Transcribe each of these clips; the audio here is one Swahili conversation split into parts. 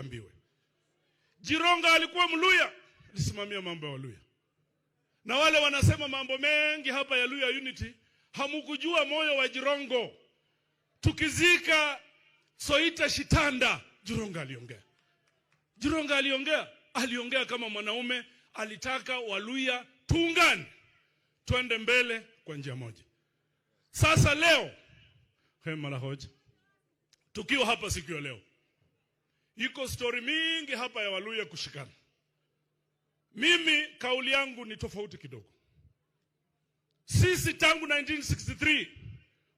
ambiwe. Jironga alikuwa Mluya, alisimamia mambo ya Waluya, na wale wanasema mambo mengi hapa ya Luya Unity, hamukujua moyo wa Jirongo. Tukizika Soita Shitanda, Jironga aliongea. Jironga aliongea, aliongea kama mwanaume, alitaka Waluya tuungane, twende mbele kwa njia moja. Sasa leo hema la hoja, tukiwa hapa siku ya leo Iko stori mingi hapa ya Waluya kushikana. Mimi kauli yangu ni tofauti kidogo. Sisi tangu 1963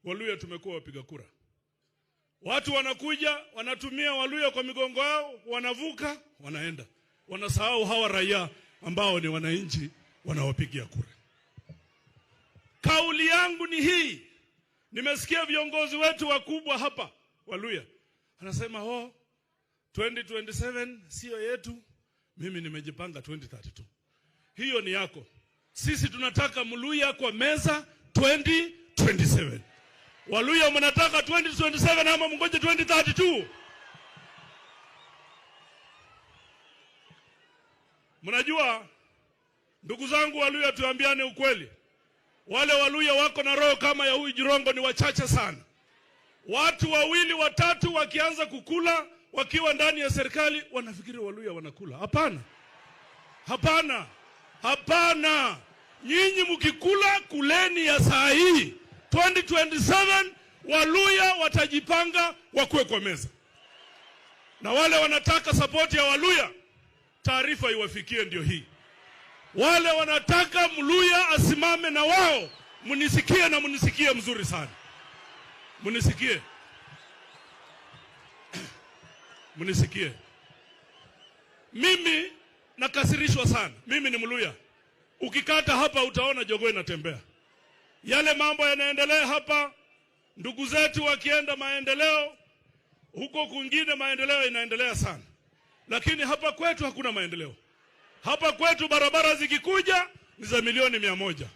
Waluya tumekuwa wapiga kura. Watu wanakuja wanatumia Waluya kwa migongo yao, wanavuka wanaenda, wanasahau hawa raia ambao ni wananchi wanawapigia kura. Kauli yangu ni hii. Nimesikia viongozi wetu wakubwa hapa Waluya anasema oh 2027 sio yetu, mimi nimejipanga 2032. Hiyo ni yako. Sisi tunataka Mluya kwa meza 2027. Waluya mnataka 2027 ama mngoje 2032? Mnajua ndugu zangu Waluya, tuambiane ukweli, wale Waluya wako na roho kama ya huyu Jirongo ni wachache sana. Watu wawili watatu wakianza kukula wakiwa ndani ya serikali wanafikiri Waluya wanakula. Hapana, hapana, hapana. Nyinyi mkikula, kuleni ya saa hii 2027 Waluya watajipanga wakuwe kwa meza, na wale wanataka sapoti ya Waluya taarifa iwafikie, ndio hii. Wale wanataka Mluya asimame na wao, mnisikie na mnisikie mzuri sana, mnisikie mnisikie. Mimi nakasirishwa sana. Mimi ni Mluya. Ukikata hapa utaona jogoo inatembea. Yale mambo yanaendelea hapa, ndugu zetu wakienda maendeleo huko kwingine, maendeleo inaendelea sana, lakini hapa kwetu hakuna maendeleo. Hapa kwetu barabara zikikuja ni za milioni mia moja.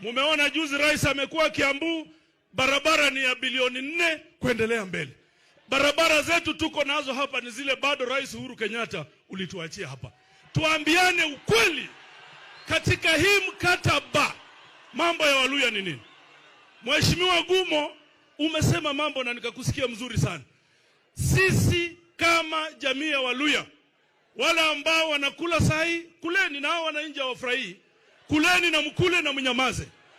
Mumeona juzi rais amekuwa Kiambu, barabara ni ya bilioni nne kuendelea mbele. Barabara zetu tuko nazo hapa ni zile bado Rais Uhuru Kenyatta ulituachia hapa. Tuambiane ukweli, katika hii mkataba mambo ya Waluya ni nini? Mheshimiwa Gumo, umesema mambo na nikakusikia mzuri sana. Sisi kama jamii ya Waluya, wale ambao wanakula sahi, kuleni na hao wananchi wafurahii, kuleni na mkule na mnyamaze.